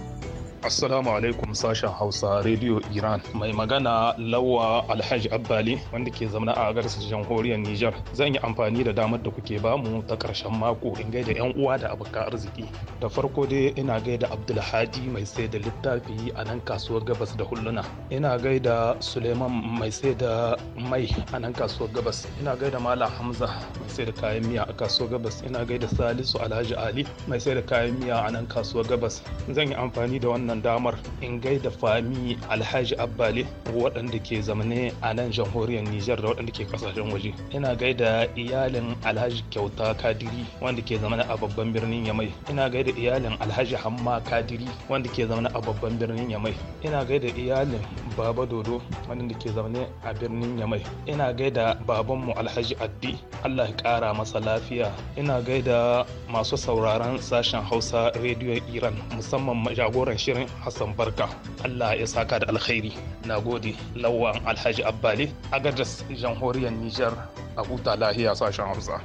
Assalamu alaikum sashen Hausa Radio Iran mai magana Lawa Alhaji Abbali wanda ke zama a garsar jamhuriyar Nijar. Zan yi amfani da damar da kuke bamu ta karshen mako in gaida yan uwa da abokan arziki. Da farko dai ina gaida Abdulhadi mai sai da littafi a nan kasuwar Gabas da Hulluna. Ina gaida Suleiman mai sai da mai a nan kasuwar Gabas. Ina gaida Malam Hamza mai sai da kayan miya a kasuwar Gabas. Ina gaida Salisu Alhaji Ali mai sai da kayan miya a nan kasuwar Gabas. Zan yi amfani da wannan wannan damar in gaida fami alhaji abbali waɗanda ke zamane a nan jamhuriyar nijar da waɗanda ke kasashen waje ina gaida iyalin alhaji kyauta kadiri wanda ke zamane a babban birnin yamai ina gaida iyalin alhaji hamma kadiri wanda ke zamane a babban birnin yamai ina gaida iyalin baba dodo wanda ke zamane a birnin yamai ina gaida babanmu alhaji addi allah ya kara masa lafiya ina gaida masu sauraron sashen hausa rediyon iran musamman jagoran shirin gurin Hassan Barka. Allah ya saka da alkhairi. Na gode lawan Alhaji Abbali a gadas jamhuriyar Nijar a huta lahiya sashen Hausa.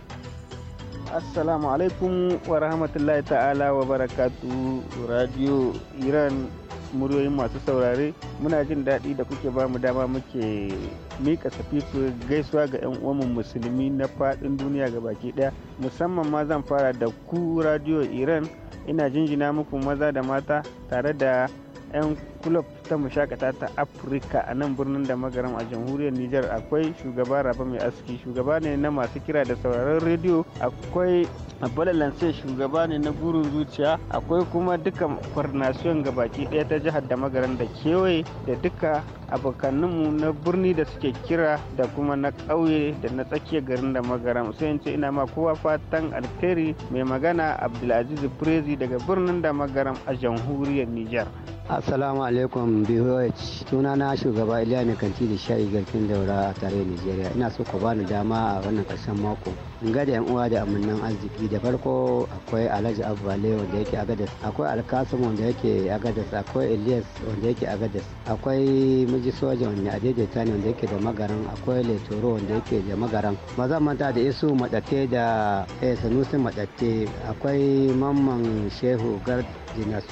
Assalamu alaikum wa rahmatullahi ta'ala wa barakatu Radio Iran muryoyin masu saurare muna jin daɗi da kuke ba mu dama muke mika safifu gaisuwa ga 'yan uwanmu musulmi na faɗin duniya ga baki ɗaya musamman ma zan fara da ku radio iran ina jinjina muku maza da mata tare da 'yan kulob ta mashakata ta afirka a nan birnin da magaram a jamhuriyar nijar akwai shugaba raba mai aski shugaba ne na masu kira da sauraron rediyo akwai abbala lance shugaba ne na gurin zuciya akwai kuma duka kwarnasiyon gabaki daya ta jihar da magaran da kewaye da duka abokanninmu na birni da suke kira da kuma na kauye da na tsakiyar garin da magaram sai in ina ma kowa fatan alheri mai magana abdulaziz prezi daga birnin da magaram a jamhuriyar nijar Assalamu alaikum BOH suna na shugaba Iliya mai kanti da shayi garkin daura a tare Nigeria ina so ku bani dama a wannan karshen mako in yan uwa da amannan arziki da farko akwai Alhaji bale wanda yake Agadas akwai Alkasim wanda yake Agadas akwai elias wanda yake Agadas akwai Miji Soja wanda a daidaita ne wanda yake da magaran akwai Letoro wanda yake da magaran maza manta da Isu Madatte da eh, Sanusi Madatte akwai Mamman Shehu Gard Jina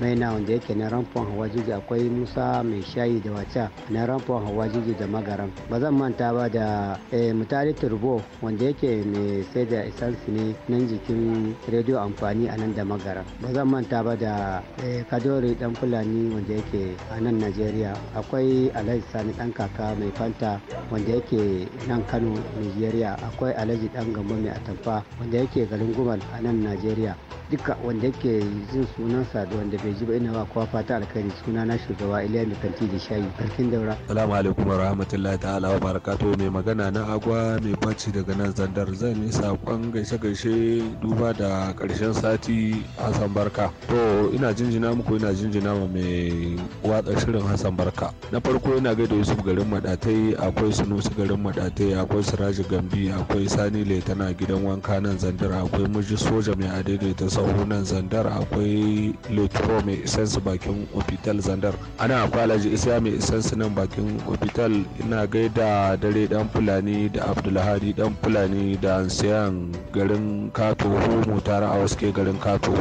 Maina wanda yake na ramfon hawa akwai musa mai shayi da wacha na ramfon hawa jiji da magaram ba zan manta ba da eh, mutane turbo wanda yake mai sai da isansu ne nan jikin rediyo amfani a nan da magaram ba zan manta ba da eh, kadori dan fulani wanda yake a nan najeriya akwai alhaji sani dan kaka mai fanta wanda yake nan kano nigeria akwai alhaji dan gambo mai atamfa wanda yake garin gumal a nan najeriya duka wanda yake jin sunansa da wanda bai ji ba ina ba kwafa fata alkhairi suna na shugaba Iliya da kanti da shayi karfin daura. Salamu alaikum wa rahmatullahi ta'ala wa barakato mai magana na agwa mai baci daga nan zandar zan yi saƙon gaishe-gaishe duba da ƙarshen sati Hassan Barka. To ina jinjina muku ina jinjina ma mai watsa shirin Hassan Barka. Na farko ina gaida Yusuf garin Madatai akwai Sunusi garin Madatai akwai Siraji Gambi akwai Sani Letana gidan wanka nan zandar akwai Muji Soja mai adaidaita sahu nan zandar akwai Letro mai isansu baki bakin hospital zandar ana kwalaji isa mai isansu nan bakin ofital ina gaida dare dan fulani da abdulhadi dan fulani da ansiyan garin kato mutara a ke garin kato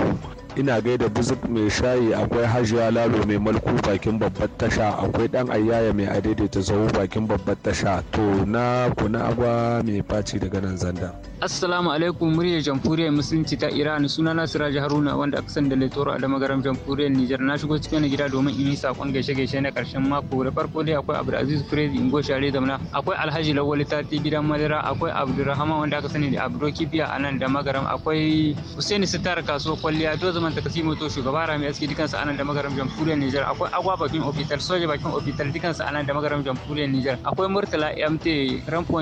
ina gaida buzuk mai shayi akwai hajiya lalo mai malku bakin babbar tasha akwai dan ayyaya mai adaidaita zaho bakin babbar tasha to na kuna agwa mai faci daga nan zanda assalamu alaikum muryar jamhuriyar musulunci ta iran suna na siraj haruna wanda aka san da a da magaram jamhuriyar nijar na shigo cikin gida domin in yi sakon gaishe gaishe na karshen mako da farko dai akwai abdulaziz firezi ingo share zamna akwai alhaji lawali tati gidan madara akwai abdulrahman wanda aka sani da abdul a nan da magaram akwai hussein sitar kasuwa kwalliya to zama usman takasi moto shugaba rami aski dukansu anan da magaram jamhuriyar nijar akwai agwa bakin ofital soja bakin ofital dukansu anan da magaram jamhuriyar nijar akwai murtala mt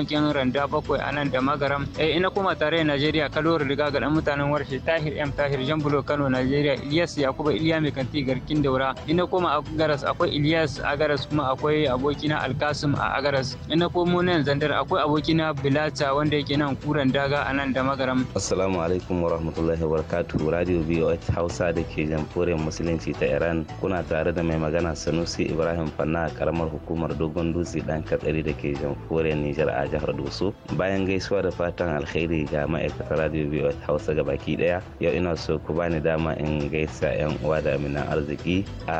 kin randa bakwai anan da magaram eh ina kuma tarayyar najeriya kano riga ga dan mutanen warshe tahir m tahir jambulo kano najeriya ilyas yakuba iliya mai kanti garkin daura ina kuma agaras akwai ilyas agaras kuma akwai abokina alkasim a agaras ina komo nan zandar akwai abokina bilata wanda yake nan kuran daga anan da magaram assalamu alaikum warahmatullahi wabarakatuh radio voh hausa da ke jamhuriyar musulunci ta iran kuna tare da mai magana sanusi ibrahim fanna a karamar hukumar dogon dutse dan katsari da ke jamhuriyar nijar a jihar doso bayan gaisuwa da fatan alheri ga ma'aikatar radio biyu hausa gabaki baki daya yau ina so ku bani dama in gaisa yan uwa da minan arziki a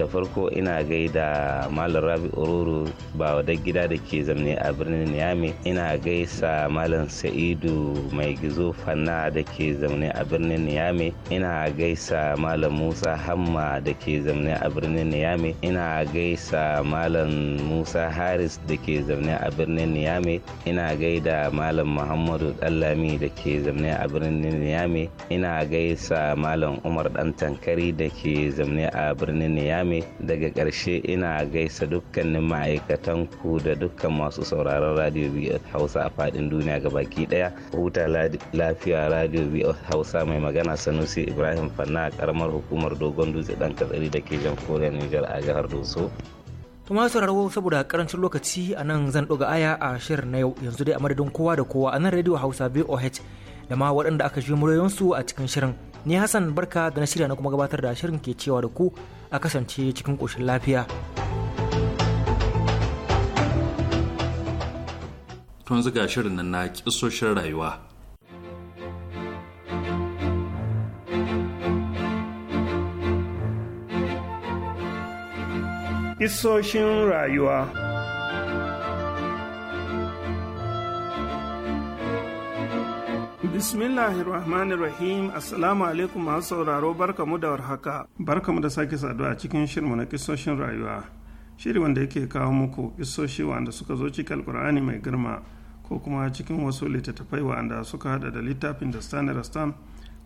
da farko ina gaida malam rabi ororo ba da gida da ke zamne a birnin niamey ina gaisa malam sa'idu mai gizo fanna da ke zamne a birnin niyami. ina gaisa malam musa hamma da ke zaune a birnin niyame ina gaisa malam musa haris da ke zaune a birnin niyame ina gaida malam muhammadu dallami da ke zaune a birnin niyame ina gaisa malam umar dan tankari da ke zaune a birnin niyame daga karshe ina gaisa dukkanin ma'aikatan ku da dukkan masu sauraron radio biyar hausa a faɗin duniya gabaki ɗaya huta lafiya radio biyar hausa mai magana sanusi ibrahim ibrahim fanna a karamar hukumar dogon dutse dan katsari da ke jamhuriyar nijar a jihar doso kuma sauraro saboda karancin lokaci a nan zan ɗoga aya a shirin na yau yanzu dai a madadin kowa da kowa a nan radio hausa boh da ma waɗanda aka shi muryoyinsu a cikin shirin ni hasan barka da na shirya na kuma gabatar da shirin ke cewa da ku a kasance cikin ƙoshin lafiya tun ziga shirin nan na kisoshin rayuwa hissoshin rayuwa Bismillahirrahmanirrahim Assalamu alaikum masu sauraro barkamu da warhaka barkamu da sake saduwa a cikin shirmu na kisoshin rayuwa shiri wanda yake kawo muku kisoshi wanda suka zo cikin alkur'ani mai girma ko kuma cikin wasu littattafai wanda suka hada da littafin da rastan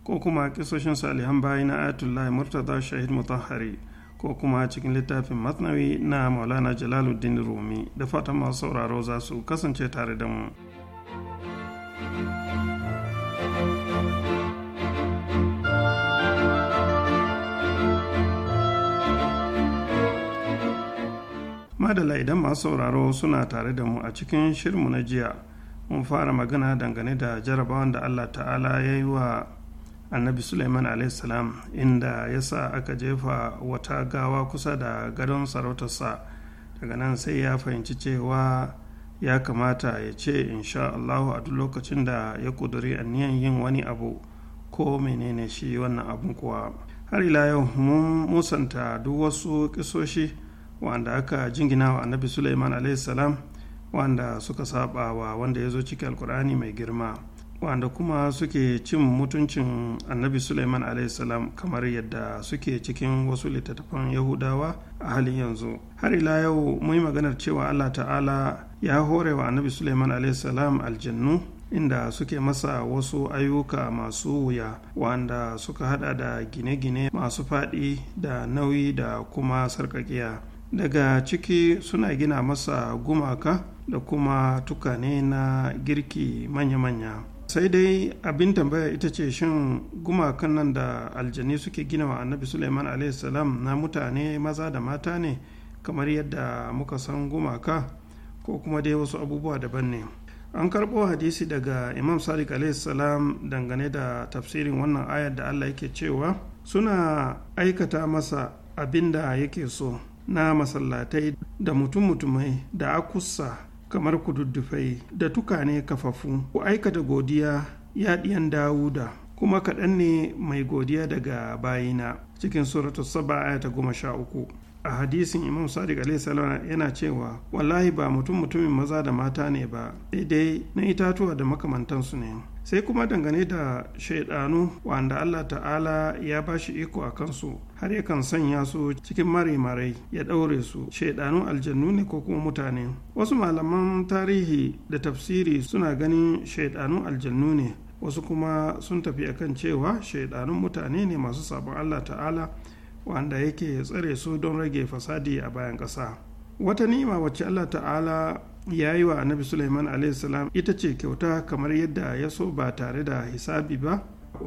ko kuma kisoshin salihan bayi na ayatullahi murtaza shahid Mutahhari. ko kuma cikin littafin masnawi na maulana jalaluddin rumi da fatan masu sauraro za su kasance tare da mu madala idan masu sauraro suna tare da mu a cikin shirmu na jiya mun fara magana dangane da jarabawan da allah ta'ala ya yi wa annabi suleiman alaihissalam inda ya sa aka jefa wata gawa kusa da gadon sarautarsa daga nan sai ya fahimci cewa ya kamata ya ce insha allahu a duk lokacin da ya kuduri aniyan yin wani abu ko menene shi wannan abun kuwa har ila yau mun musanta duk wasu kisoshi wanda aka jingina wa annabi suleiman alaihissalam wanda suka saba wa wanda ya zo cikin alkur'ani mai girma wanda kuma suke cin mutuncin annabi suleiman salam kamar yadda suke cikin wasu littattafan yahudawa a halin yanzu har ila yau mun yi maganar cewa allah ta'ala ya hore wa annabi suleiman salam aljannu inda suke masa wasu ayyuka masu wuya wanda suka hada da gine-gine masu faɗi da nauyi da kuma sarkakiya daga ciki suna gina masa gumaka da kuma tukane na girki manya-manya sai dai abin tambaya ita ce shin gumakan nan da aljani suke gina wa annabi suleiman salam na mutane maza da mata ne kamar yadda muka san gumaka ko kuma dai wasu abubuwa daban ne an karɓo hadisi daga imam sadiq salam dangane da tafsirin wannan ayar da allah yake cewa suna aikata masa abin da yake so na masallatai da mutum-mutumai da akusa kamar kududdufai da tukane kafafu ku aikata godiya ya ɗiyan dawuda kuma kaɗan ne mai godiya daga bayina cikin suratu saba aya ta goma sha uku a hadisin imam sadiq alaihi yana cewa wallahi ba mutum mutumin maza da mata ne ba daidai na itatuwa da makamantansu ne sai kuma dangane da shaidanu wanda Allah ta'ala ya ba shi iko a kansu har yakan sanya su cikin mare-marai ya ɗaure su shaidanu aljannu ne ko kuma mutane wasu malaman tarihi da tafsiri suna ganin shaidanu aljannu ne wasu kuma sun tafi akan cewa shaidanun mutane ne masu sabon Allah ta'ala wanda yake tsare su don rage fasadi a bayan ƙasa wata ni'ima wacce Allah ta'ala ya yi wa annabi suleiman salam ita ce kyauta kamar yadda ya so ba tare da hisabi ba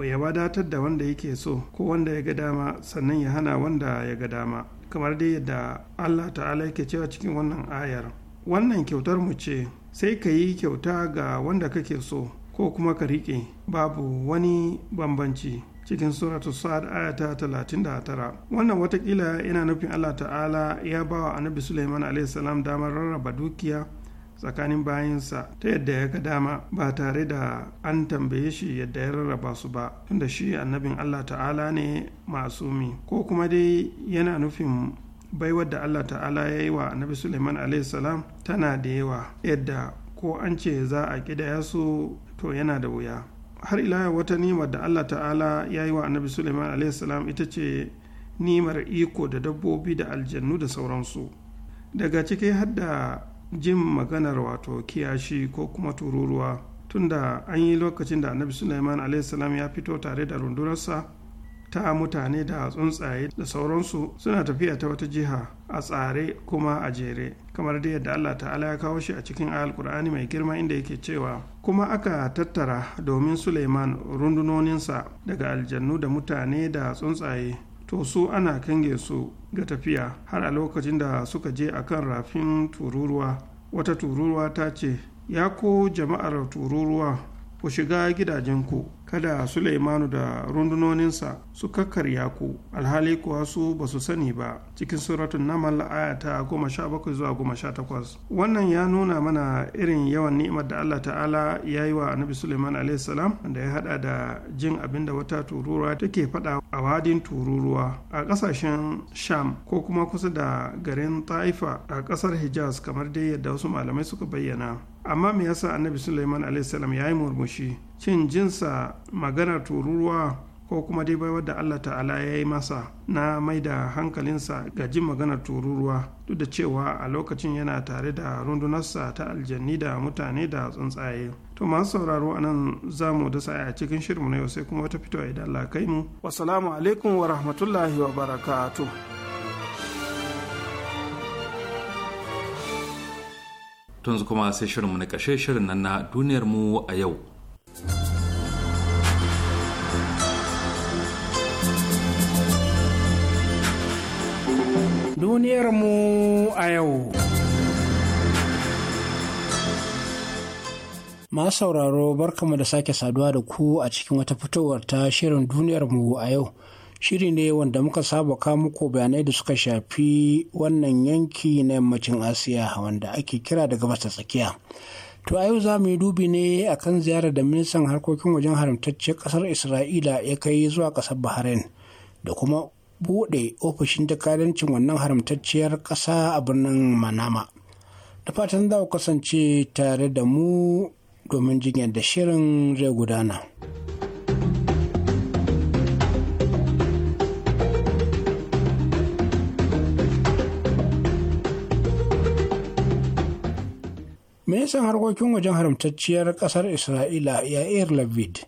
ya wadatar da wanda yake so ko wanda ya ga dama sannan ya hana wanda ya ga dama kamar dai yadda allah ta'ala yake cewa cikin wannan ayar wannan kyautar mu ce sai ka yi kyauta ga wanda kake so ko kuma ka riƙe babu wani bambanci cikin suratu sa'ad ayata talatin da tara wannan watakila yana nufin allah ta'ala ya ba wa annabi suleiman a.s. damar rarraba dukiya tsakanin bayansa ta yadda ya ga dama ba tare da an tambaye shi yadda ya rarraba su ba tunda shi annabin Allah ta'ala ne masu masumi ko kuma dai yana nufin baiwar da Allah ta'ala ya yi wa annabi Suleiman salam tana da yawa yadda ko an ce za a kidaya su to yana da wuya har ila wata nimar da Allah ta'ala ya yi wa annabi Suleiman salam ita ce nimar iko da dabbobi da aljannu da sauransu daga cikin hadda jin maganar wato kiyashi ko kuma tururuwa tunda an yi lokacin da annabi suleiman a.s. ya fito tare da rundunarsa ta mutane da tsuntsaye da sauransu suna tafiya ta wata jiha a tsare kuma a jere kamar da yadda Allah ta'ala ya kawo shi a cikin alkur'ani mai girma inda yake cewa kuma aka tattara domin Suleiman rundunoninsa daga aljannu da mutane da tsuntsaye to su ana kange su ga tafiya har a lokacin da suka je a kan rafin tururuwa wata tururuwa ta ce ya ko jama'ar tururuwa ku shiga gidajenku kada Suleimanu da rundunoninsa su kakkarya ku alhali kuwa su ba su sani ba cikin suratun namal aya ta goma sha bakwai zuwa goma sha takwas wannan ya nuna mana irin yawan ni'imar da Allah ta'ala ya yi wa annabi Suleiman a.s. da ya hada da jin abinda wata tururuwa take fada a wadin tururuwa a kasashen sham ko kuma kusa da garin ta'ifa a kasar hijaz kamar dai yadda wasu malamai suka bayyana amma me yasa annabi suleiman alaihissalam ya yi murmushi cin jinsa magana tururuwa ko kuma dai bai wadda allah ta'ala ya yi masa na mai da hankalinsa ga jin magana tururuwa duk da cewa a lokacin yana tare da rundunarsa ta aljanni da mutane da tsuntsaye to masu sauraro a nan za mu dasa a cikin shirinmu na yau sai kuma wata fitowa idan allah kai mu wasalamu alaikum wa rahmatullahi wa barakatuh tun yanzu kuma sai shirinmu na kashe shirin nan na duniyarmu a yau duniyar mu a yau Ma sauraro barkamu da sake saduwa da ku a cikin wata fitowar ta shirin duniyar mu a yau shiri ne wanda muka saba kawo muku bayanai da suka shafi wannan yanki na yammacin asiya wanda ake kira da gabas ta tsakiya to a yau za mu yi dubi ne akan ziyarar da ministan harkokin wajen haramtacciyar kasar isra'ila ya kai zuwa kasar bahrain da kuma buɗe ofishin jakadancin wannan haramtacciyar ƙasa a birnin manama da fatan za ku kasance tare da mu domin jinyar da shirin zai gudana. ministan harkokin wajen haramtacciyar ƙasar isra'ila ya yair lavid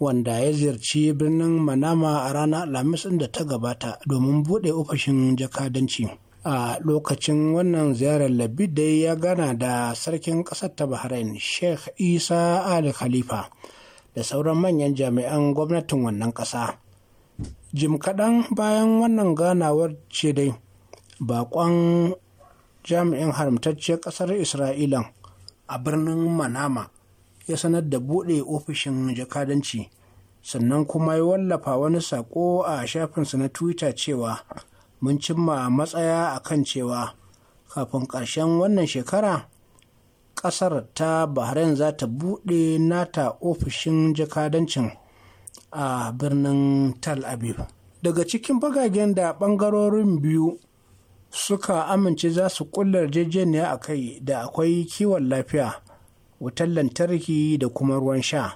wanda ya ziyarci birnin manama a ranar alhamis da ta gabata domin buɗe ofishin jakadanci a lokacin wannan ziyarar lavid dai ya gana da sarkin ƙasar ta bahrain sheikh isa ali khalifa da sauran manyan jami'an gwamnatin wannan ƙasa jim kaɗan bayan wannan ganawar ce dai baƙon jami'in haramtacciyar ƙasar Isra'ila. a birnin manama ya sanar da buɗe ofishin jakadanci sannan kuma ya wallafa wani saƙo a shafinsa na twitter cewa mun cimma matsaya a kan cewa kafin ƙarshen wannan shekara ƙasar ta bahrain za ta buɗe nata ofishin jakadancin a birnin Tal Abib. daga cikin bagagen da ɓangarorin biyu suka amince za su kulla yarjejeniya a kai da akwai kiwon lafiya wutar lantarki da kuma ruwan sha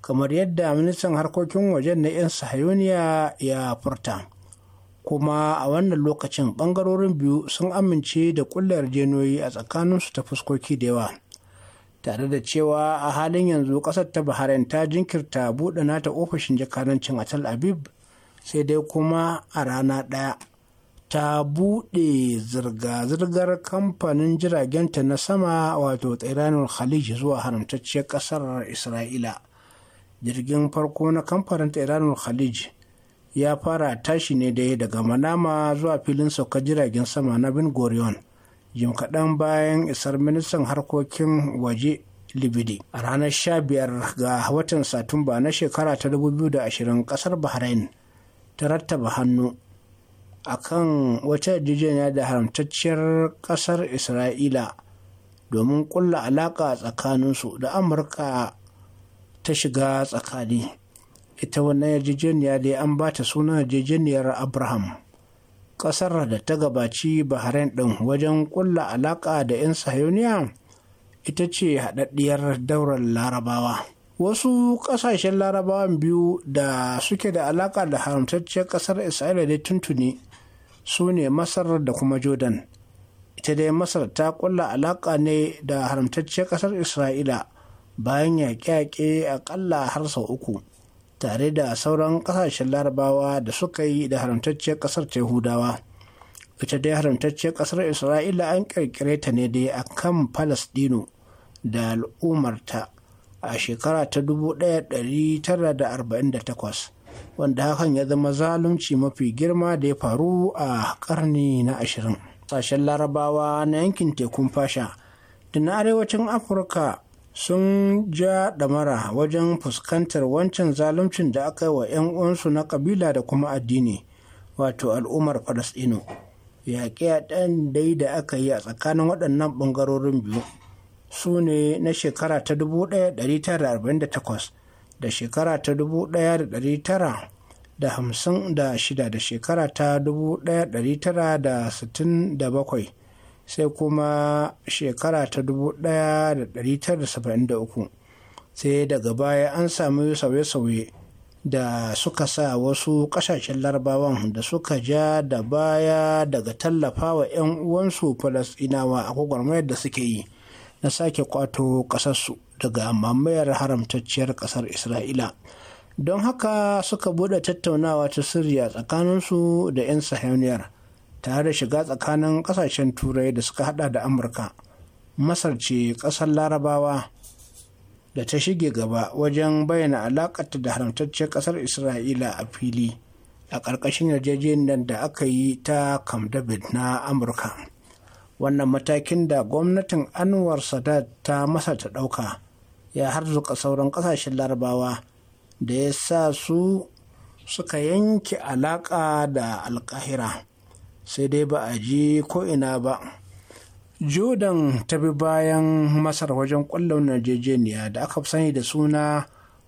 kamar yadda ministan harkokin wajen na 'yan sahayoniya ya furta kuma a wannan lokacin bangarorin biyu sun amince da kulla yarjejeniyoyi a tsakaninsu ta fuskoki da yawa tare da cewa a halin yanzu kasar ta bahrain ta jinkirta buɗe nata ofishin jakadancin a tel aviv sai dai kuma a rana ɗaya ta buɗe zirga-zirgar kamfanin jiragenta na sama wato tsiranin khalij zuwa haramtacciyar ƙasar isra'ila jirgin farko na kamfanin tsiranin khalij ya fara tashi ne da daga manama zuwa filin sauka jiragen sama na bin gorion jim kaɗan bayan isar ministan harkokin waje libidi a ranar 15 ga watan satumba na shekara ta 2020 ƙasar bahrain ta rattaba hannu A kan wata yarjejeniya da haramtacciyar ƙasar isra'ila domin ƙulla alaƙa tsakaninsu da amurka ta shiga tsakani ita wannan yarjejeniya da an ba ta suna yarjejeniyar abraham ƙasar da ta gabaci bahrain ɗin wajen ƙulla alaƙa da 'yan sahiyoniya ita ce haɗaɗɗiyar daular larabawa wasu ƙasashen larabawan biyu da suke da alaƙa da haramtacciyar ƙasar isra'ila da tuntuni su ne masar da kuma jordan ita dai masar ta kulla alaƙa ne da haramtacciyar ƙasar isra'ila bayan yaƙe-yaƙe aƙalla har sau uku tare da sauran ƙasashen larabawa da suka yi da haramtacciyar ƙasar yahudawa ita dai haramtacciyar ƙasar isra'ila an ƙirƙire ta ne dai a kan palestino da al'ummarta a shekara ta 1948 wanda hakan ya zama zalunci mafi girma da ya faru a karni na ashirin sashen larabawa na yankin tekun fasha da na arewacin afirka sun ja ɗamara wajen fuskantar wancan zaluncin da aka yi wa 'yan uwansu na kabila da kuma addini wato al'ummar Yaƙi yaƙe ɗan dai da aka yi a tsakanin waɗannan ɓangarorin biyu su ne na shekara ta 1948 da shekara ta 1956 da shekara ta 1967 sai kuma shekara ta 1973 sai daga baya an sami sauye-sauye da suka sa wasu kasashen larabawan da suka ja da baya daga tallafa wa 'yan uwansu falasinawa a gwagwarmayar da suke yi na sake kwato ƙasarsu daga mamayar haramtacciyar ƙasar isra'ila don haka suka buɗe tattaunawa ta sirri tsakaninsu da 'yan sahaniyar tare da shiga tsakanin ƙasashen turai da suka hada da amurka masar ce ƙasar larabawa da ta shige gaba wajen bayyana alaƙarta da haramtacciyar ƙasar isra'ila a fili a ƙarƙashin yarjejeniyar da aka yi ta camp na amurka wannan matakin da gwamnatin anwar sadat ta masa ta ɗauka ya harzuka sauran ƙasashen larabawa da ya sa su suka yanke alaƙa da alƙahira sai dai ba a ji ko'ina ba jordan ta bi bayan masar wajen ƙwallon najejeniya da aka sani da suna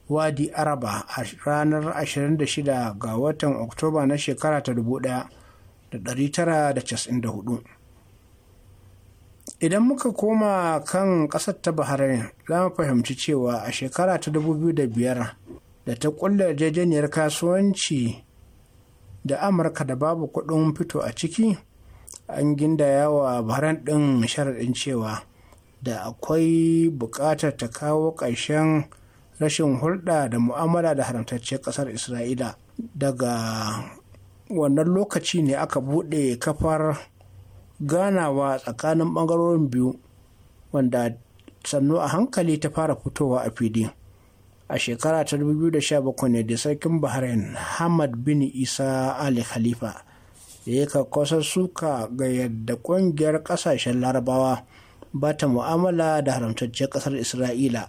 wadi araba a ranar 26 ga watan oktoba na shekara ta 1994 idan muka koma kan ƙasar ta bahrain za mu fahimci cewa a shekara ta 2005 da biyar da ta kulla yarjejeniyar kasuwanci da amurka da babu kuɗin fito a ciki an gindaya wa bahrain ɗin sharaɗin cewa da akwai buƙatar ta kawo ƙarshen rashin hulɗa da mu'amala da haramtacciyar ƙasar isra'ila daga wannan lokaci ne aka buɗe kafar ganawa tsakanin bangarorin biyu wanda sannu a hankali ta fara fitowa a fili a shekara ta 2017 ne da sarkin bahrain hamad bin isa ali khalifa da ya kakkasar suka ga yadda ƙungiyar ƙasashen larabawa ba ta mu'amala da haramtacciyar ƙasar isra'ila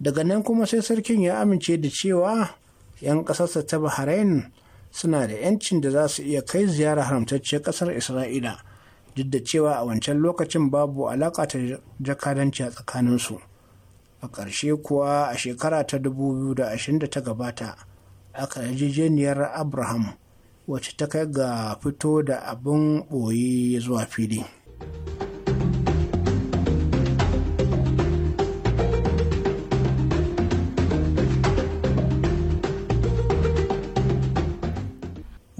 daga nan kuma sai sarkin ya amince da cewa 'yan ƙasarsa ta bahrain suna da 'yancin da za su iya kai ziyara haramtacciyar ƙasar isra'ila duk da cewa a wancan lokacin babu alaƙa ta jakadanci a tsakaninsu a ƙarshe kuwa a shekara ta 2020 da ta gabata aka yarjejeniyar abraham wacce ta kai ga fito da abin ɓoye zuwa fili.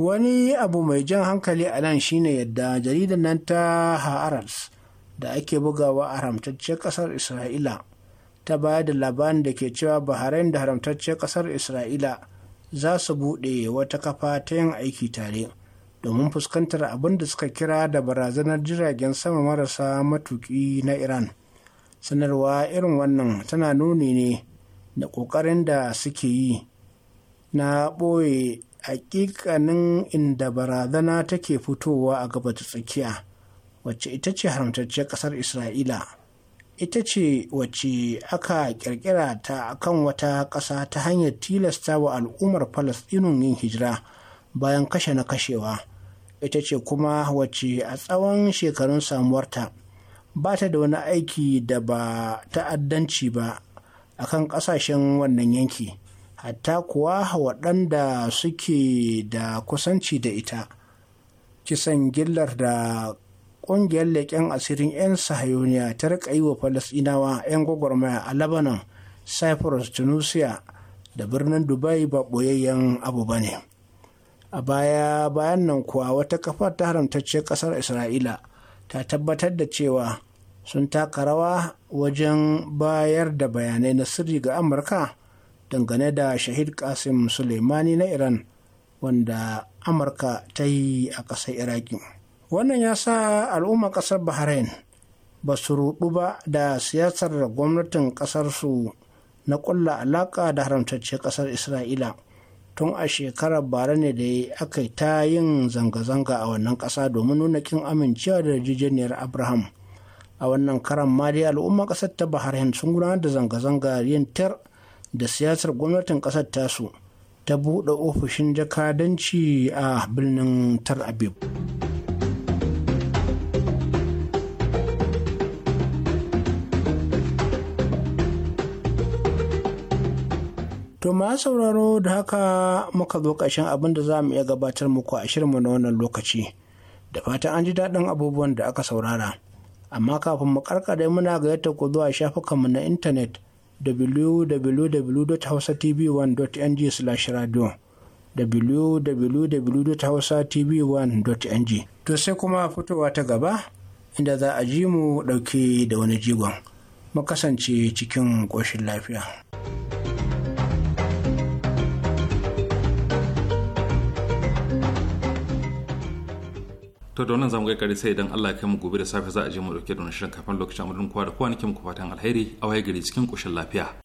wani abu mai jan hankali a nan shine yadda jaridar nan ta ha'aras da ake bugawa a haramtacciyar kasar isra'ila ta bayar da labarin da ke cewa bahrain da haramtacciyar kasar isra'ila za su buɗe wata kafa ta yin aiki tare domin fuskantar abin da suka kira da barazanar jiragen sama marasa matuki na iran sanarwa irin wannan tana nuni ne da ƙoƙarin da suke yi na ɓoye hakikanin inda barazana take fitowa a gaba ta tsakiya wacce ita ce haramtacciyar ƙasar isra'ila ita ce wacce aka kirkira ta kan wata ƙasa ta hanyar tilasta wa al'ummar falastinun yin hijira bayan kashe na kashewa ita ce kuma wacce a tsawon shekarun samuwarta ba ta da wani aiki da ba ta'addanci ba akan kan ƙasashen wannan yanki hatta kuwa waɗanda suke da kusanci da ita kisan gillar da ƙungiyar leƙen asirin 'yan sahayoniya ta rika yi wa falasɗinawa 'yan gwagwarmaya a lebanon cyprus tunisia da birnin dubai ba ɓoyayyen abu ba ne a baya bayan nan kuwa wata kafar ta haramtacce ƙasar isra'ila ta tabbatar da cewa sun taka rawa wajen bayar da bayanai na sirri ga amurka dangane da shahid kasim suleimani na iran wanda amurka ta yi a ƙasar iraki wannan ya sa al'ummar ƙasar bahrain ba su rudu ba da siyasar gwamnatin ƙasarsu na ƙulla alaƙa da haramtacce ƙasar isra'ila tun a shekarar bara ne da aka ta yin zanga-zanga a wannan ƙasa domin nuna kin amincewa da yarjejeniyar abraham a wannan karan ma dai al'ummar ƙasar ta bahrain sun gudanar da zanga-zanga yin tar da siyasar gwamnatin ƙasar tasu ta buɗe ofishin jakadanci a birnin tar abib To ma sauraro da haka muka zo ƙarshen abin da za mu iya gabatar muku a shirinmu na wannan lokaci. Da fatan an ji daɗin abubuwan da aka saurara. Amma kafin mu karkare muna ga yadda ku zuwa shafukanmu na intanet www.hausatv1.ng/radio www.hausatv1.ng to sai kuma fitowa ta gaba inda za a ji mu dauke da wani jigon mu kasance cikin ƙoshin lafiya. to da wannan zamu ga kare sai idan Allah ya kai mu gobe da safe za a je mu dauke da wannan shirin kafin lokacin amurin kowa da kowa nake muku fatan alheri a waye gari cikin koshin lafiya